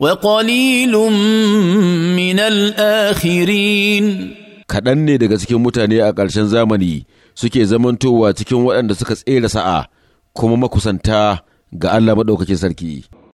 وقليل من الآخرين kaɗan ne daga cikin mutane a ƙarshen zamani suke zamantowa cikin waɗanda suka tsere sa'a kuma makusanta ga Allah maɗaukakin sarki.